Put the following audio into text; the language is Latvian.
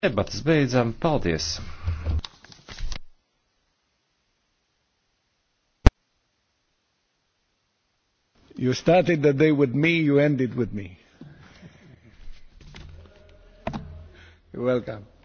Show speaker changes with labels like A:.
A: Debatas beidzam. Paldies! You started the day with me,
B: you ended with me.
C: You're welcome.